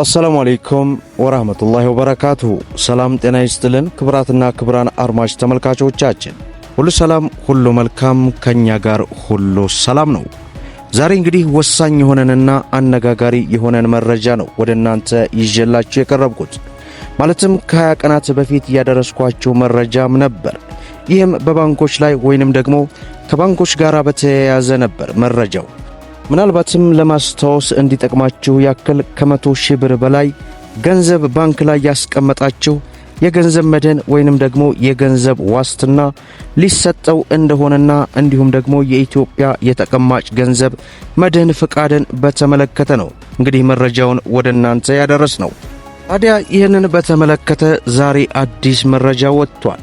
አሰላሙ አለይኩም ወራህመቱላሂ ወበረካቱሁ። ሰላም ጤና ይስጥልን ክብራትና ክብራን አድማጭ ተመልካቾቻችን ሁሉ ሰላም ሁሉ መልካም፣ ከኛ ጋር ሁሉ ሰላም ነው። ዛሬ እንግዲህ ወሳኝ የሆነንና አነጋጋሪ የሆነን መረጃ ነው ወደ እናንተ ይዤላችሁ የቀረብኩት። ማለትም ከ20 ቀናት በፊት ያደረስኳችሁ መረጃም ነበር። ይህም በባንኮች ላይ ወይንም ደግሞ ከባንኮች ጋር በተያያዘ ነበር መረጃው ምናልባትም ለማስታወስ እንዲጠቅማችሁ ያክል ከመቶ ሺህ ብር በላይ ገንዘብ ባንክ ላይ ያስቀመጣችሁ የገንዘብ መድን ወይንም ደግሞ የገንዘብ ዋስትና ሊሰጠው እንደሆነና እንዲሁም ደግሞ የኢትዮጵያ የተቀማጭ ገንዘብ መድህን ፍቃድን በተመለከተ ነው እንግዲህ መረጃውን ወደ እናንተ ያደረስ ነው። ታዲያ ይህንን በተመለከተ ዛሬ አዲስ መረጃ ወጥቷል።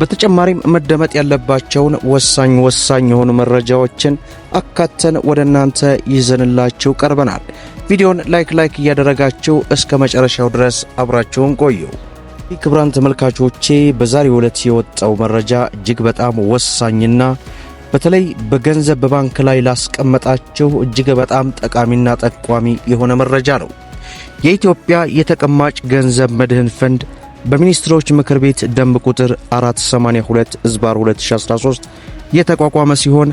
በተጨማሪም መደመጥ ያለባቸውን ወሳኝ ወሳኝ የሆኑ መረጃዎችን አካተን ወደ እናንተ ይዘንላችሁ ቀርበናል። ቪዲዮን ላይክ ላይክ እያደረጋችሁ እስከ መጨረሻው ድረስ አብራችሁን ቆዩ። ክቡራን ተመልካቾቼ በዛሬው ዕለት የወጣው መረጃ እጅግ በጣም ወሳኝና በተለይ በገንዘብ በባንክ ላይ ላስቀመጣችሁ እጅግ በጣም ጠቃሚና ጠቋሚ የሆነ መረጃ ነው። የኢትዮጵያ የተቀማጭ ገንዘብ መድህን ፈንድ በሚኒስትሮች ምክር ቤት ደንብ ቁጥር 482 ዝባር 2013 የተቋቋመ ሲሆን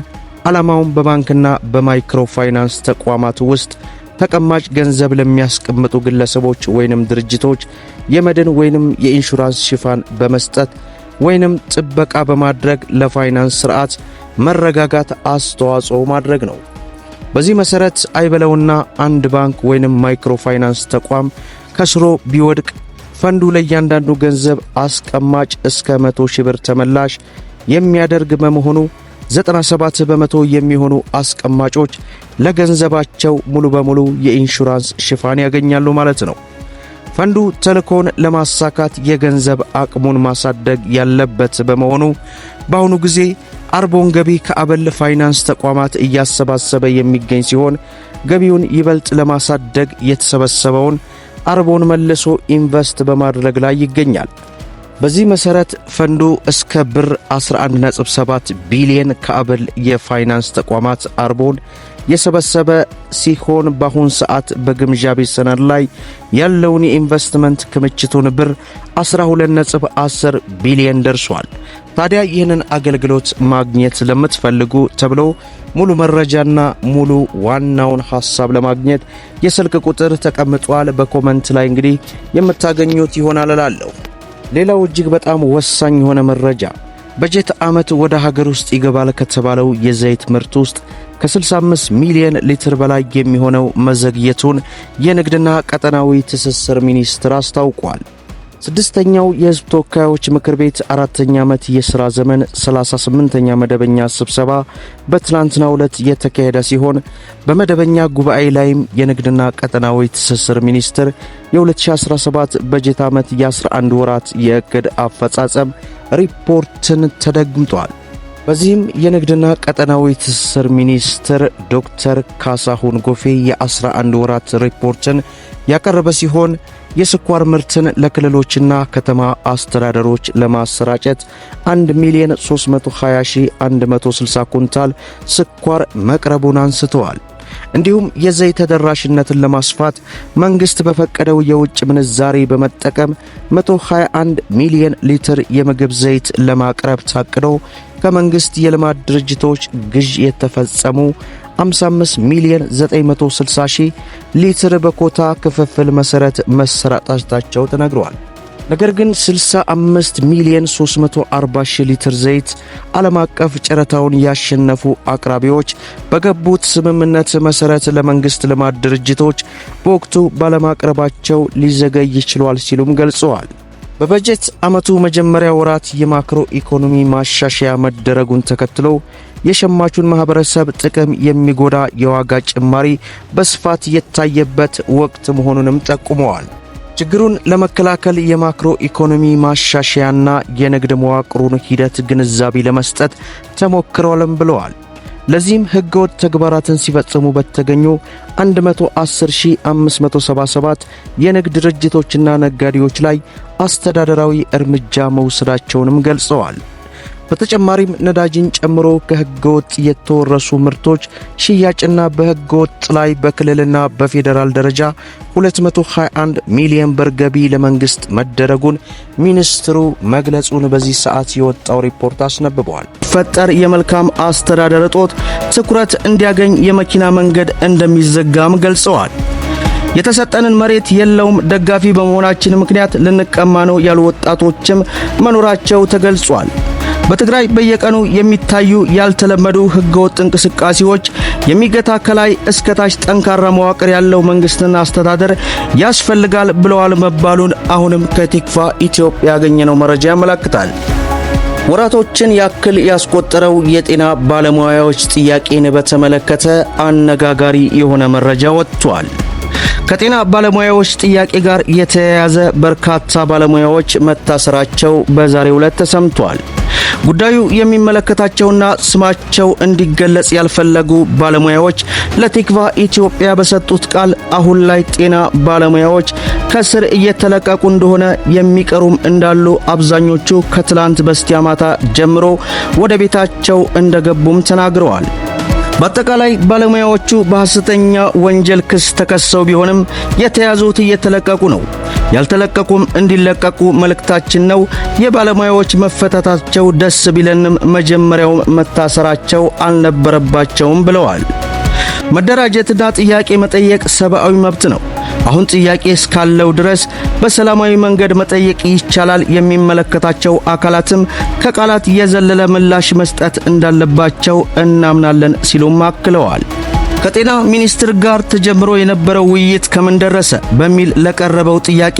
ዓላማውም በባንክና በማይክሮፋይናንስ ተቋማት ውስጥ ተቀማጭ ገንዘብ ለሚያስቀምጡ ግለሰቦች ወይንም ድርጅቶች የመድን ወይንም የኢንሹራንስ ሽፋን በመስጠት ወይንም ጥበቃ በማድረግ ለፋይናንስ ሥርዓት መረጋጋት አስተዋጽኦ ማድረግ ነው። በዚህ መሠረት አይበለውና አንድ ባንክ ወይንም ማይክሮ ፋይናንስ ተቋም ከስሮ ቢወድቅ ፈንዱ ለእያንዳንዱ ገንዘብ አስቀማጭ እስከ 100 ሺህ ብር ተመላሽ የሚያደርግ በመሆኑ 97 በመቶ የሚሆኑ አስቀማጮች ለገንዘባቸው ሙሉ በሙሉ የኢንሹራንስ ሽፋን ያገኛሉ ማለት ነው። ፈንዱ ተልእኮውን ለማሳካት የገንዘብ አቅሙን ማሳደግ ያለበት በመሆኑ በአሁኑ ጊዜ አርቦን ገቢ ከአበል ፋይናንስ ተቋማት እያሰባሰበ የሚገኝ ሲሆን ገቢውን ይበልጥ ለማሳደግ የተሰበሰበውን አርቦን መልሶ ኢንቨስት በማድረግ ላይ ይገኛል። በዚህ መሰረት ፈንዱ እስከ ብር 11.7 ቢሊየን ከአበል የፋይናንስ ተቋማት አርቦን የሰበሰበ ሲሆን በአሁን ሰዓት በግምጃ ቤት ሰነድ ላይ ያለውን የኢንቨስትመንት ክምችቱን ብር 12.10 ቢሊየን ደርሷል። ታዲያ ይህንን አገልግሎት ማግኘት ለምትፈልጉ ተብሎ ሙሉ መረጃና ሙሉ ዋናውን ሐሳብ ለማግኘት የስልክ ቁጥር ተቀምጧል። በኮመንት ላይ እንግዲህ የምታገኙት ይሆናል እላለሁ። ሌላው እጅግ በጣም ወሳኝ የሆነ መረጃ በጀት ዓመት ወደ ሀገር ውስጥ ይገባል ከተባለው የዘይት ምርት ውስጥ ከ65 ሚሊዮን ሊትር በላይ የሚሆነው መዘግየቱን የንግድና ቀጠናዊ ትስስር ሚኒስቴር አስታውቋል። ስድስተኛው የህዝብ ተወካዮች ምክር ቤት አራተኛ ዓመት የሥራ ዘመን 38ኛ መደበኛ ስብሰባ በትናንትናው ዕለት የተካሄደ ሲሆን በመደበኛ ጉባኤ ላይም የንግድና ቀጠናዊ ትስስር ሚኒስቴር የ2017 በጀት ዓመት የ11 ወራት የእቅድ አፈጻጸም ሪፖርትን ተደግምጧል። በዚህም የንግድና ቀጠናዊ ትስስር ሚኒስትር ዶክተር ካሳሁን ጎፌ የ11 ወራት ሪፖርትን ያቀረበ ሲሆን የስኳር ምርትን ለክልሎችና ከተማ አስተዳደሮች ለማሰራጨት 1 ሚሊዮን 320160 ኩንታል ስኳር መቅረቡን አንስተዋል። እንዲሁም የዘይት ተደራሽነትን ለማስፋት መንግሥት በፈቀደው የውጭ ምንዛሬ በመጠቀም 121 ሚሊዮን ሊትር የምግብ ዘይት ለማቅረብ ታቅዶ ከመንግሥት የልማት ድርጅቶች ግዥ የተፈጸሙ 55 ሚሊዮን 960 ሺህ ሊትር በኮታ ክፍፍል መሠረት መሰራጣታቸው ተነግረዋል። ነገር ግን 65 ሚሊዮን 340 ሺህ ሊትር ዘይት ዓለም አቀፍ ጨረታውን ያሸነፉ አቅራቢዎች በገቡት ስምምነት መሠረት ለመንግሥት ልማት ድርጅቶች በወቅቱ ባለማቅረባቸው ሊዘገይ ይችሏል ሲሉም ገልጸዋል። በበጀት ዓመቱ መጀመሪያ ወራት የማክሮ ኢኮኖሚ ማሻሻያ መደረጉን ተከትሎ የሸማቹን ማህበረሰብ ጥቅም የሚጎዳ የዋጋ ጭማሪ በስፋት የታየበት ወቅት መሆኑንም ጠቁመዋል። ችግሩን ለመከላከል የማክሮ ኢኮኖሚ ማሻሻያና የንግድ መዋቅሩን ሂደት ግንዛቤ ለመስጠት ተሞክሯልም ብለዋል። ለዚህም ህገወጥ ተግባራትን ሲፈጽሙ በተገኙ 110577 የንግድ ድርጅቶችና ነጋዴዎች ላይ አስተዳደራዊ እርምጃ መውሰዳቸውንም ገልጸዋል። በተጨማሪም ነዳጅን ጨምሮ ከህገወጥ የተወረሱ ምርቶች ሽያጭና በህገወጥ ላይ በክልልና በፌዴራል ደረጃ 221 ሚሊዮን ብር ገቢ ለመንግስት መደረጉን ሚኒስትሩ መግለጹን በዚህ ሰዓት የወጣው ሪፖርት አስነብበዋል። ፈጠር የመልካም አስተዳደር እጦት ትኩረት እንዲያገኝ የመኪና መንገድ እንደሚዘጋም ገልጸዋል። የተሰጠንን መሬት የለውም ደጋፊ በመሆናችን ምክንያት ልንቀማ ነው ያሉ ወጣቶችም መኖራቸው ተገልጿል። በትግራይ በየቀኑ የሚታዩ ያልተለመዱ ህገወጥ እንቅስቃሴዎች የሚገታ ከላይ እስከታች ጠንካራ መዋቅር ያለው መንግስትና አስተዳደር ያስፈልጋል ብለዋል መባሉን አሁንም ከቲክፋ ኢትዮጵያ ያገኘነው መረጃ ያመለክታል። ወራቶችን ያክል ያስቆጠረው የጤና ባለሙያዎች ጥያቄን በተመለከተ አነጋጋሪ የሆነ መረጃ ወጥቷል። ከጤና ባለሙያዎች ጥያቄ ጋር የተያያዘ በርካታ ባለሙያዎች መታሰራቸው በዛሬው ዕለት ተሰምቷል። ጉዳዩ የሚመለከታቸውና ስማቸው እንዲገለጽ ያልፈለጉ ባለሙያዎች ለቲክቫ ኢትዮጵያ በሰጡት ቃል አሁን ላይ ጤና ባለሙያዎች ከስር እየተለቀቁ እንደሆነ የሚቀሩም እንዳሉ አብዛኞቹ ከትላንት በስቲያ ማታ ጀምሮ ወደ ቤታቸው እንደገቡም ተናግረዋል። በአጠቃላይ ባለሙያዎቹ በሐሰተኛ ወንጀል ክስ ተከሰው ቢሆንም የተያዙት እየተለቀቁ ነው። ያልተለቀቁም እንዲለቀቁ መልእክታችን ነው። የባለሙያዎች መፈታታቸው ደስ ቢለንም መጀመሪያው መታሰራቸው አልነበረባቸውም ብለዋል። መደራጀትና ጥያቄ መጠየቅ ሰብአዊ መብት ነው። አሁን ጥያቄ እስካለው ድረስ በሰላማዊ መንገድ መጠየቅ ይቻላል። የሚመለከታቸው አካላትም ከቃላት የዘለለ ምላሽ መስጠት እንዳለባቸው እናምናለን ሲሉም አክለዋል። ከጤና ሚኒስትር ጋር ተጀምሮ የነበረው ውይይት ከምን ደረሰ በሚል ለቀረበው ጥያቄ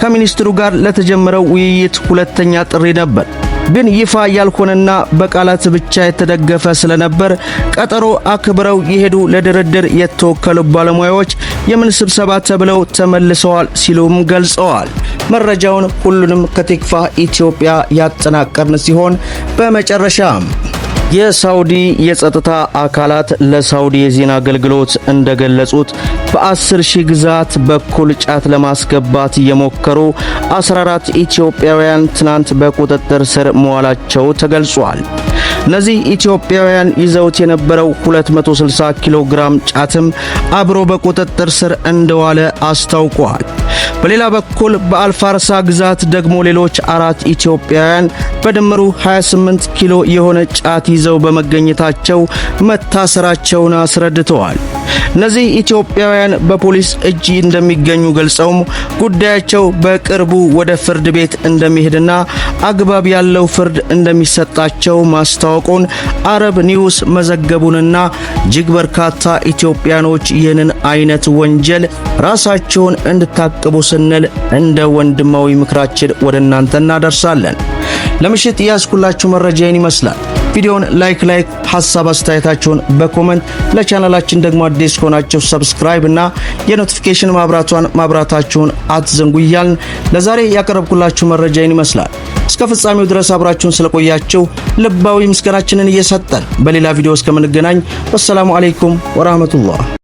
ከሚኒስትሩ ጋር ለተጀመረው ውይይት ሁለተኛ ጥሪ ነበር፣ ግን ይፋ ያልሆነና በቃላት ብቻ የተደገፈ ስለነበር ቀጠሮ አክብረው የሄዱ ለድርድር የተወከሉ ባለሙያዎች የምን ስብሰባ ተብለው ተመልሰዋል ሲሉም ገልጸዋል። መረጃውን ሁሉንም ከቲክፋ ኢትዮጵያ ያጠናቀርን ሲሆን በመጨረሻም የሳውዲ የጸጥታ አካላት ለሳውዲ የዜና አገልግሎት እንደገለጹት በ10 ሺህ ግዛት በኩል ጫት ለማስገባት የሞከሩ 14 ኢትዮጵያውያን ትናንት በቁጥጥር ስር መዋላቸው ተገልጿል። እነዚህ ኢትዮጵያውያን ይዘውት የነበረው 260 ኪሎ ግራም ጫትም አብሮ በቁጥጥር ስር እንደዋለ አስታውቋል። በሌላ በኩል በአልፋርሳ ግዛት ደግሞ ሌሎች አራት ኢትዮጵያውያን በድምሩ 28 ኪሎ የሆነ ጫት ይዘው በመገኘታቸው መታሰራቸውን አስረድተዋል። እነዚህ ኢትዮጵያውያን በፖሊስ እጅ እንደሚገኙ ገልጸውም ጉዳያቸው በቅርቡ ወደ ፍርድ ቤት እንደሚሄድና አግባብ ያለው ፍርድ እንደሚሰጣቸው ማስታወ ማስታወቁን አረብ ኒውስ መዘገቡንና እጅግ በርካታ ኢትዮጵያኖች ይህንን አይነት ወንጀል ራሳቸውን እንድታቅቡ ስንል እንደ ወንድማዊ ምክራችን ወደ እናንተ እናደርሳለን። ለምሽት ያስኩላችሁ መረጃ ይህን ይመስላል። ቪዲዮውን ላይክ ላይክ ሐሳብ አስተያየታችሁን በኮመንት ለቻናላችን ደግሞ አዲስ ከሆናችሁ ሰብስክራይብ እና የኖቲፊኬሽን ማብራቷን ማብራታችሁን አትዘንጉ እያልን ለዛሬ ያቀረብኩላችሁ መረጃ ይህን ይመስላል። እስከ ፍጻሜው ድረስ አብራችሁን ስለቆያችሁ ልባዊ ምስጋናችንን እየሰጠን በሌላ ቪዲዮ እስከምንገናኝ ወሰላሙ አለይኩም ወራህመቱላህ